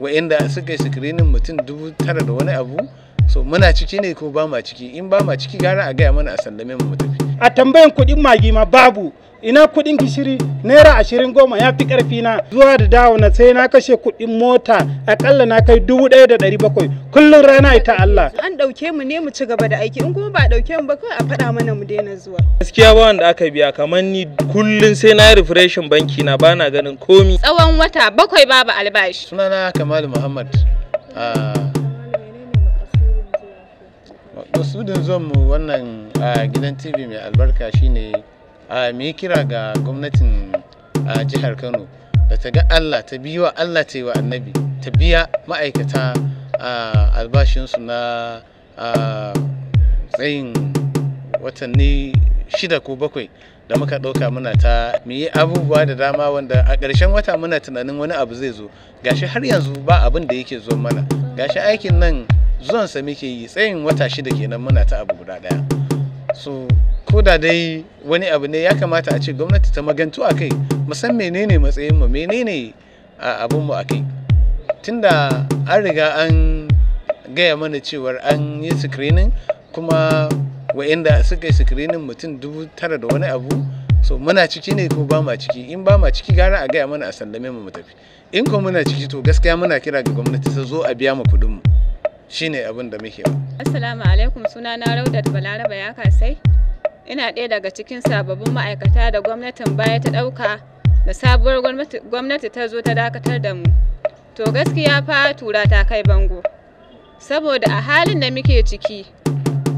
wa'inda suka yi sikirinin mutum dubu tara da wani abu so muna ciki ne ko ba ma ciki in ba ma ciki gara a gaya mana a sallame mu tafi a tambayan kuɗin magi ma babu ina kuɗin gishiri naira ashirin goma ya fi ƙarfi na zuwa da dawo na sai na kashe kuɗin mota akalla na kai dubu ɗaya da ɗari bakwai kullum rana ita Allah. an ɗauke mu ne mu ci gaba da aiki in kuma ba ɗauke mu ba kawai a faɗa mana mu daina zuwa. gaskiya ba wanda aka biya kamar ni kullum sai na yi refreshin banki na ba na ganin komi. tsawon wata bakwai babu albashi. sunana kamalu muhammad. Ah, zuwan mu wannan gidan TV mai albarka shine mu yi kira ga gwamnatin jihar Kano da ta ga Allah ta biya Allah ta yi wa annabi ta biya ma'aikata albashinsu na tsayin watanni shida ko bakwai da muka ɗauka muna ta mu yi abubuwa da dama wanda a ƙarshen wata muna tunanin wani abu zai zo gashi har yanzu ba abin da yake zo mana gashi aikin nan zuwan sa muke yi tsayin wata shida kenan muna ta abu guda daya so ko da dai wani abu ne ya kamata a ce gwamnati ta magantu a kai musan menene matsayin mu menene abun mu a kai tunda an riga an gaya mana cewar an yi screening kuma wa'inda suka yi screening mutum dubu tara da wani abu so muna ciki ne ko ba ma ciki in ba ma ciki gara a gaya mana a sallame mu mu tafi in ko muna ciki to gaskiya muna kira ga gwamnati ta zo a biya mu kuɗin mu shine abin da muke assalamu alaikum suna na raudat balaraba ya kasai ina ɗaya daga cikin sababbin ma'aikata da gwamnatin baya ta ɗauka da sabuwar gwamnati ta zo ta dakatar da mu to gaskiya fa tura ta kai bango saboda a halin da muke ciki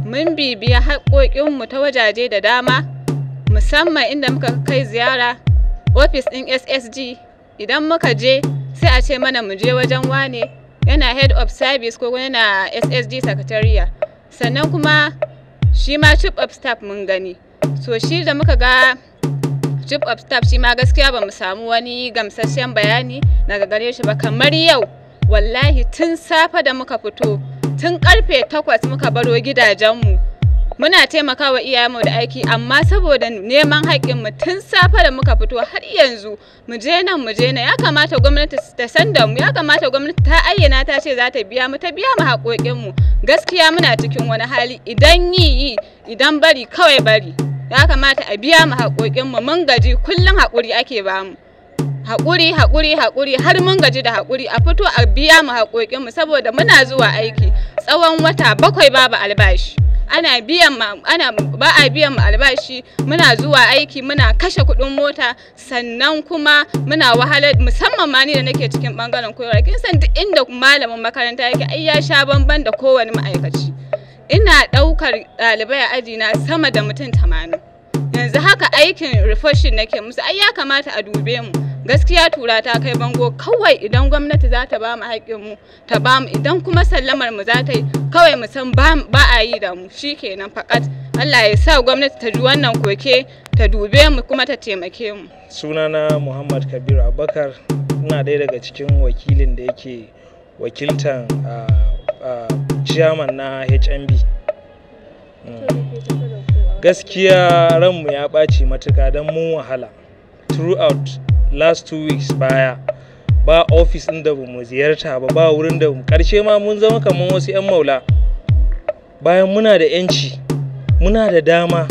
mun bibiya haƙoƙinmu ta wajaje da dama musamman inda muka kai ziyara ofis ɗin ssg idan muka je sai a ce mana mu je wajen wane yana head of service ko yana ssd secretariat sannan kuma shi ma chief of staff mun gani so shi da muka ga chief of staff shi ma gaskiya ba mu samu wani gamsasshen bayani daga gare shi ba kamar yau wallahi tun safe da muka fito tun karfe takwas muka baro gidajenmu muna taimakawa iyayenmu da aiki amma saboda neman haƙƙin mu tun safe da muka fito har yanzu mu je nan mu je nan ya kamata gwamnati ta san da mu ya kamata gwamnati ta ayyana ta ce za ta biya mu ta biya mu haƙoƙin mu gaskiya muna cikin wani hali idan yi yi idan bari kawai bari ya kamata a biya mu haƙoƙin mu mun gaji kullum haƙuri ake bamu haƙuri haƙuri haƙuri har mun gaji da haƙuri a fito a biya mu haƙoƙin mu saboda muna zuwa aiki tsawon wata bakwai babu albashi ana biyan ana ba a biyan albashi muna zuwa aiki muna kashe kuɗin mota sannan kuma muna wahala musamman ma ni da nake cikin bangaren koyarwa kin san duk inda malamin makaranta yake ai ya sha bamban da kowane ma'aikaci ina ɗaukar ɗalibai a na sama da mutum tamanin yanzu haka aikin refreshing nake musu ai ya kamata a dube mu gaskiya tura ta kai bango kawai idan gwamnati za ta ba mu haƙƙinmu ta ba mu idan kuma sallamar mu za ta yi kawai mu san ba a yi da mu shi shikenan fakat Allah ya sa gwamnati ta ji wannan koke ta dube mu kuma ta taimake mu sunana Muhammad Kabir Abubakar ina ɗaya daga cikin wakilin da yake wakiltan chairman na HMB mm. gaskiya ranmu ya ɓaci matuka don mun wahala throughout last two weeks baya ba ofis ɗin da mu ziyarta ba ba wurin da ƙarshe ma mun zama kamar wasu 'yan maula bayan muna da 'yanci muna da dama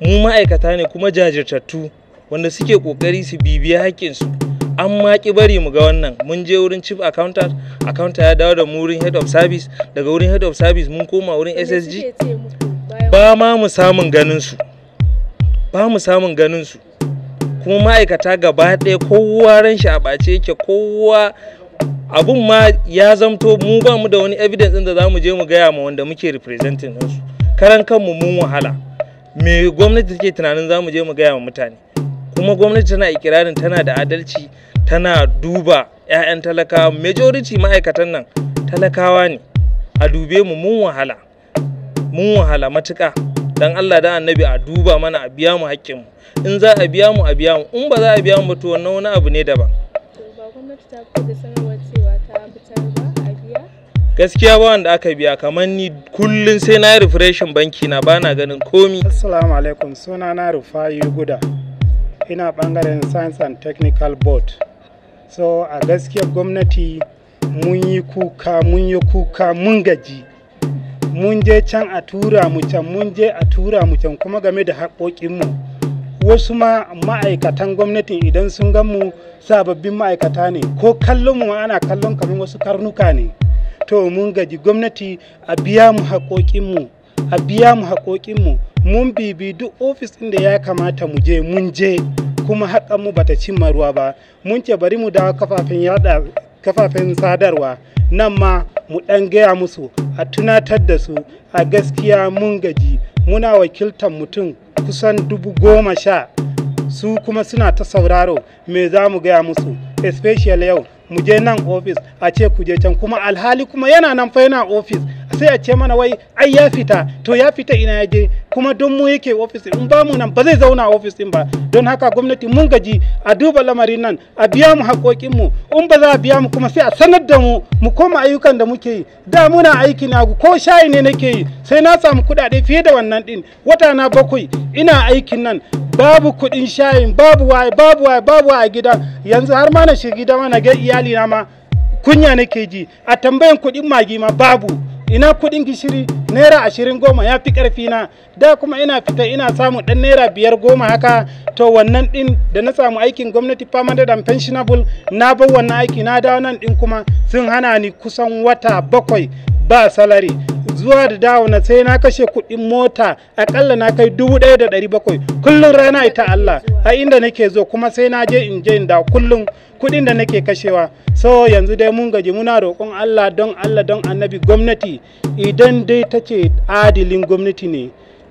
mu ma'aikata ne kuma jajirtattu wanda suke ƙoƙari su bibiya haƙƙinsu an ma ki bari mu ga wannan mun je wurin chief accountant accountant ya dawo da mu wurin head of service daga wurin head of service mun koma wurin ssg ba ma mu samun ganin su ba mu samun ganin su kuma ma'aikata gaba ɗaya kowa ran shi a ɓace yake kowa abun ma ya zamto mu ba mu da wani evidence ɗin da za mu je mu gaya ma wanda muke representing nasu karan kanmu mun wahala me gwamnati take tunanin za mu je mu gaya ma mutane kuma gwamnati tana ikirarin tana da adalci tana duba 'ya'yan talakawa majority ma'aikatan nan talakawa ne a dube mu mun wahala mun wahala matuƙa dan Allah da annabi a duba mana a biya mu hakkin in za a biya mu a biya mu in ba za a biya mu to wannan wani abu ne daban gaskiya ba wanda aka biya kamar ni kullum sai na yi refreshin banki na ba na ganin komi assalamu alaikum suna na rufayi guda ina bangaren science and technical board so a gaskiya gwamnati mun yi kuka mun yi kuka mun gaji mun je can a tura mu can mun je a tura mu can kuma game da haƙoƙinmu wasu ma ma'aikatan gwamnatin idan sun gan mu sababbin ma'aikata ne ko kallon mu ana kallon kamar wasu karnuka ne to mun gaji gwamnati a biya mu haƙoƙinmu a biya mu haƙoƙinmu mun bibi duk ofis ɗin da ya kamata mu je mun je kuma haƙanmu bata cimma ruwa ba mun ce bari mu dawo kafafen yada kafafen sadarwa nan ma mu ɗan gaya musu a tunatar da su a gaskiya mun gaji muna wakiltar mutum kusan dubu goma sha su kuma suna ta sauraro me za mu gaya musu especially yau mu je nan ofis a ce ku je can kuma alhali kuma yana nan fa yana ofis sai a ce mana wai ai ya fita to ya fita ina ya je kuma don mu yake ofis in ba mu nan ba zai zauna a ofis din ba don haka gwamnati mun gaji a duba lamarin nan a biya mu haƙoƙin mu in ba za a biya mu kuma sai a sanar da mu mu koma ayyukan da muke yi da muna aiki na ko shayi ne nake yi sai na samu kuɗaɗe fiye da wannan din wata na bakwai ina aikin nan babu kuɗin shayin babu waye babu waye babu a gida yanzu har ma na shiga gida ma na ga iyali na ma kunya nake ji a tambayan kuɗin magi ma babu ina kuɗin gishiri naira ashirin goma ya fi ƙarfi na da kuma ina fita ina samu ɗan naira biyar goma haka to wannan ɗin da na samu aikin gwamnati permanent and pensionable na bar wannan aiki na dawo nan ɗin kuma sun hana ni kusan wata bakwai ba salari zuwa da dawo na sai na kashe kuɗin mota akalla na kai dubu ɗaya da ɗari bakwai kullum rana ita Allah a inda nake zo kuma sai na je in je in dawo kullum kuɗin da nake kashewa so yanzu dai mun gaji muna roƙon Allah don Allah don annabi gwamnati idan dai ta ce adilin gwamnati ne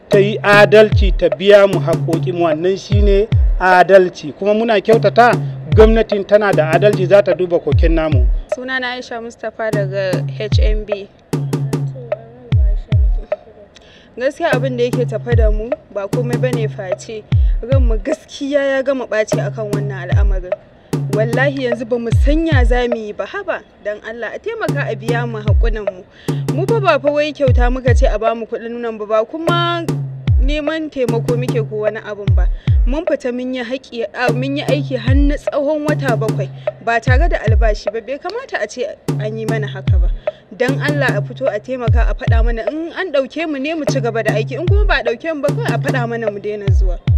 ta yi adalci ta biya mu haƙoƙin wannan shine adalci kuma muna kyautata gwamnatin tana da adalci za ta duba koken namu sunana aisha mustapha daga hmb gaskiya abin da yake tafa da mu ba komai bane face mu gaskiya ya gama ɓaci akan wannan al'amarin wallahi yanzu ba mu sanya za mu yi ba haba dan Allah a taimaka a biya mu haƙunan mu mu fa ba fa wai kyauta muka ce a ba mu kuɗin nan ba ba kuma neman taimako muke ko wani abun ba mun fita mun yi aiki har na tsawon wata bakwai ba tare da albashi ba bai kamata a ce an yi mana haka ba dan Allah a fito a taimaka a faɗa mana in an ɗauke mu ne mu ci gaba da aiki in kuma ba a ɗauke mu ba kawai a faɗa mana mu daina zuwa